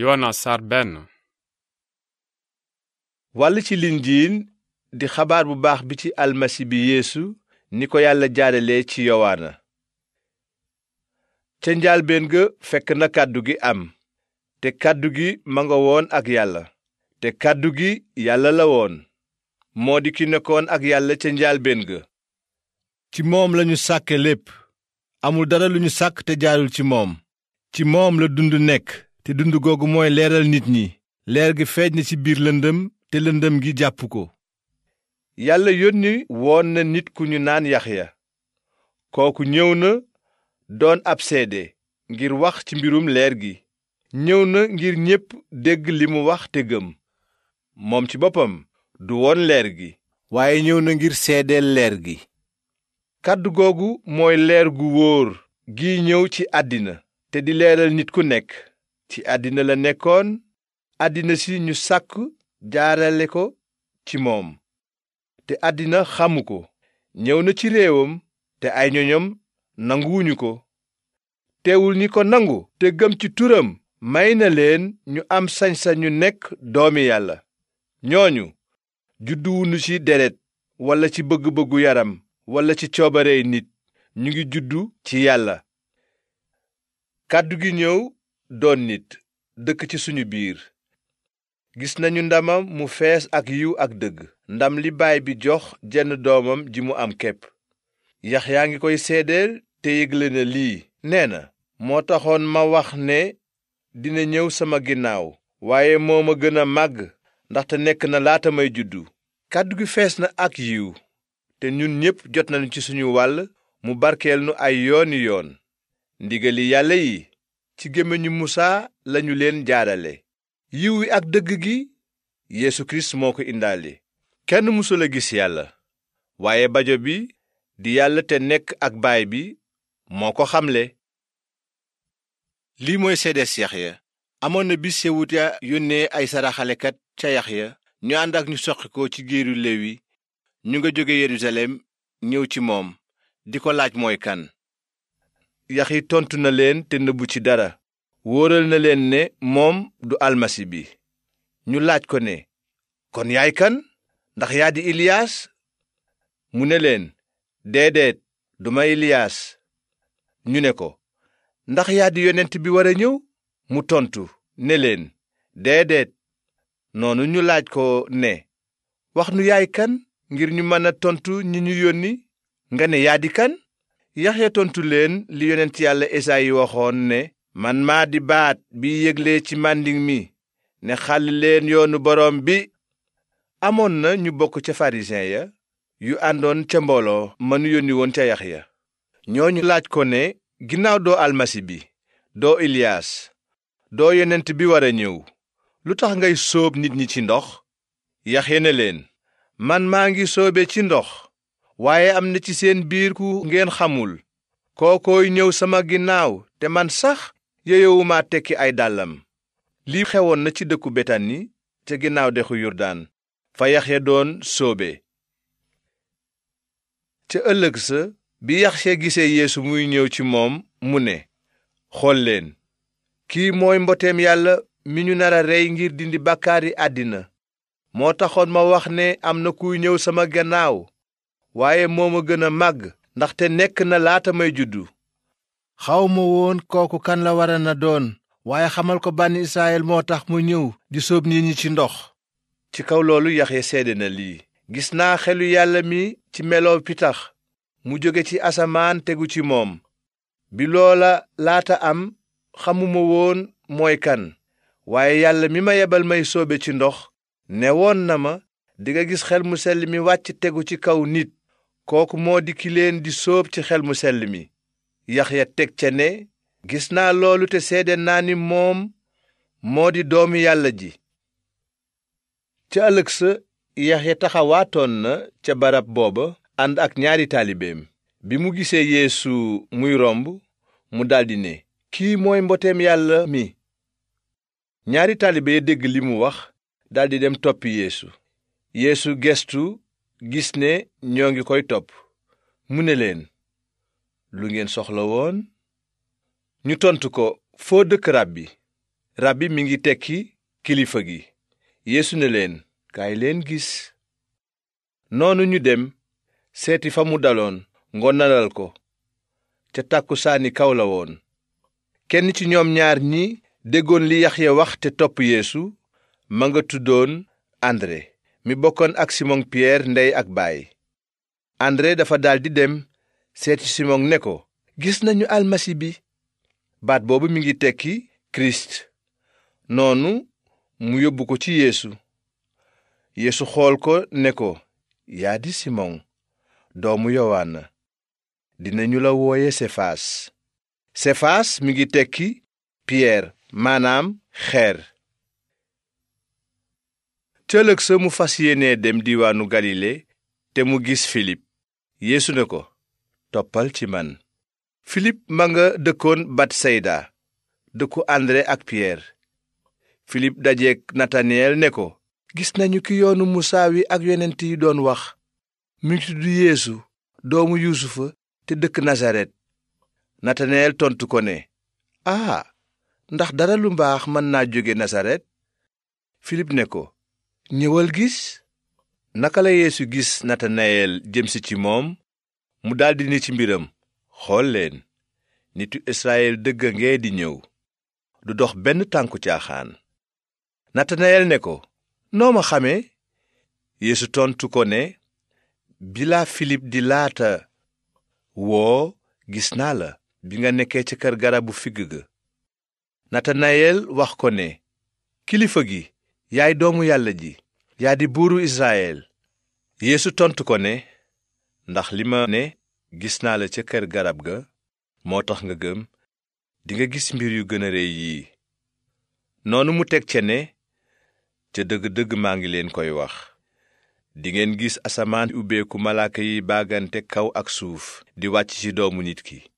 yoona sar benn wàll ci lindiin di xabaar bu baax bi ci almasi bi yéesu ni ko yàlla jaarale ci yowaana ca njaalbeen ga fekk na kàddu gi am te kàddu gi ma nga woon ak yàlla te kàddu gi yàlla la woon moo di ki nekkoon ak yàlla ca njaalbeen ga ci moom lañu sàkke lépp amul dara lu ñu sàkk te jaarul ci moom ci moom la dund nekk te dund googu mooy leeral nit ñi leer gi feeñ na ci biir lëndëm te lëndëm gi jàpp ko yàlla yónni woon na nit ku ñu naan yaxya kooku ñëw na doon ab seede ngir wax ci mbirum leer gi ñëw na ngir ñépp dégg li mu wax te gëm moom ci boppam du woon leer gi waaye ñëw na ngir seedeel leer gi kàdd googu mooy leer gu wóor gi ñëw ci àddina te di leeral nit ku nekk ci àddina la nekkoon àddina si ñu sàkk jaarale ko ci moom te àddina xamu ko ñëw na ci réewam te ay ñoñom nanguwuñu ko teewul ñi ko nangu te gëm ci turam may na leen ñu am sañ-sañu nekk doomi yàlla ñooñu judduwuñu ci deret walla ci bëgg-bëggu yaram walla ci coobarey nit ñu ngi juddu ci yàlla kàddu gi ñëw doon nit dëkk ci suñu biir gis nañu ndamam mu fees ak yiw ak dëgg ndam li baay bi jox jenn doomam ji mu am képp yaa ngi koy seedeel te yégle na lii nee na moo taxoon ma wax ne dina ñëw sama ginnaaw waaye moo ma gën a màgg ndaxte nekk na laata may juddu kàddu gi fees na ak yiw te ñun ñépp jot nañu ci suñu wàll mu barkeel nu ay yooni yoon ndigali yàlla yi ci gémmiñu musa lañu leen jaarale yiw wi ak dëgg gi yeesu kirist moo ko indaale kenn mësul a gis yàlla waaye bajo bi di yàlla te nekk ak baay bi moo ko xamle lii mooy seedees ya amoon na bis sewut yónnee ay saraxalekat ca ya ñu ànd ak ñu soqi ko ci géeru lewi ñu nga jóge yerusalem ñëw ci moom di ko laaj mooy kan yaxi tontu na leen te nëbbu ci dara wóoral na leen ne moom du almasi bi ñu laaj ko ne kon yaay kan ndax yaa di iliyaas mu ne leen déedéet duma iliyaas ñu ne ko ndax yaa di yonent bi war a ñëw mu tontu ne leen déedéet noonu ñu laaj ko ne wax nu yaay kan ngir ñu mën a tontu ñi ñu yónni nga ne yaa di kan yaxya tontu leen li yonent yàlla esayi waxoon ne man maa di baat bi yëgle ci màndiŋ mi ne xàll leen yoonu boroom bi amoon na ñu bokk ca farisiyen ya yu àndoon ca mbooloo mën yónni woon ca yaxya ñooñu laaj ko ne ginnaaw doo almasi bi doo iliyaas doo yonent bi war a ñëw lu tax ngay soob nit ñi ci ndox yaxya ne leen man maa ngi sóobe ci ndox waaye am na ci seen biir ku ngeen xamul kookooy ñëw sama ginnaaw te man sax yeyowuma tekki ay dàllam lii xewoon na ci dëkku betani ca ginnaaw dexu yurdaan fa yaxya doon sóobe ca ëllëg sa bi yaxya gisee yéesu muy ñëw ci moom mu ne xool leen kii mooy mboteem yàlla mi ñu nar a rey ngir dindi bàkkaari àddina moo taxoon ma wax ne am na kuy ñëw sama gannaaw waaye moo ma gën a màgg ndaxte nekk na laata may juddu xawma woon kooku kan la wara na doon waaye xamal ko bànni israyil moo tax mu ñëw di sóob nit ñi ci ndox ci kaw loolu yaxya seede na lii gis naa xelu yàlla mi ci meloo pitax mu jóge ci asamaan tegu ci moom bi loola laata am xamuma woon mooy kan waaye yàlla mi ma yebal may soobe ci ndox ne woon na ma dinga gis xel mu sell mi wàcc tegu ci kaw nit kooku moo di kileen di sóob ci xel mu sell mi yax ya teg ca ne gis naa loolu te seede naa ni moom moo di doomi yàlla ji ca ëllëg sa yax yaxya taxawaatoon na ca barab booba ànd ak ñaari taalibeem bi mu gisee yéesu muy romb mu daldi ne kii mooy mboteem yàlla mi ñaari taalibe ya dégg li mu wax daldi dem toppi yeesu yeesu gestu gis ne ñoo ngi koy topp mu ne leen lu ngeen soxla woon ñu tontu ko foo dëkk rabbi rabbi mi ngi tekki kilifa gi yeesu ne leen kaay leen gis noonu ñu dem seeti fa mu daloon ngoon ngonalal ko ca sànni kaw la woon kenn ci ñoom ñaar ñi déggoon li yax Yaxya wax te topp yéesu ma nga tuddoon Andre mi bokkoon ak simon piyeer ndey ak baay andre dafa daldi dem seeti simon ne ko gis nañu almasi bi baat boobu mi ngi tekki kirist noonu mu yóbbu ko ci yeesu yéesu xool ko ne ko yaa di simon doomu yowaana dinañu la wooye sefaas sefaas mi ngi tekki piyeer maanaam xeer cëlëg sa mu fas yéene dem diiwaanu galile te mu gis filip yeesu ne ko toppal ci man filip ma nga dëkkoon batsayda dëkku andre ak piyeer filip dajeek nataniyel ne ko gis nañu ki yoonu musaa wi ak yonent yi doon wax mi ngi tudd yeesu doomu yuusufa te dëkk nasaret nataniyel tontu ko ne aa ndax dara lu mbaax mën naa jóge nasaret filip ne ko ñëwal gis naka la yéesu gis natanayel jëmsi ci moom mu daldi ni ci mbiram xool leen nitu israyel dëgg a ngee di ñëw du dox benn tànku caaxaan natanayel ne ko noo ma xamee yéesu tontu ko ne bilaa filip di laata woo gis naa la bi nga nekkee ci kër garabu figg ga natanayel wax ko ne kilifa gi yaay doomu yàlla ji yaa di buuru israyel yéesu tontu ko ne ndax li ma ne gis naa la ca kër garab ga moo tax nga gëm dinga gis mbir yu gën a rëy yii noonu mu teg ca ne ca dëgg-dëgg maa ngi leen koy wax dingeen gis asamaan ubbeeku malaaka yi bàggante kaw ak suuf di wàcc ci doomu nit ki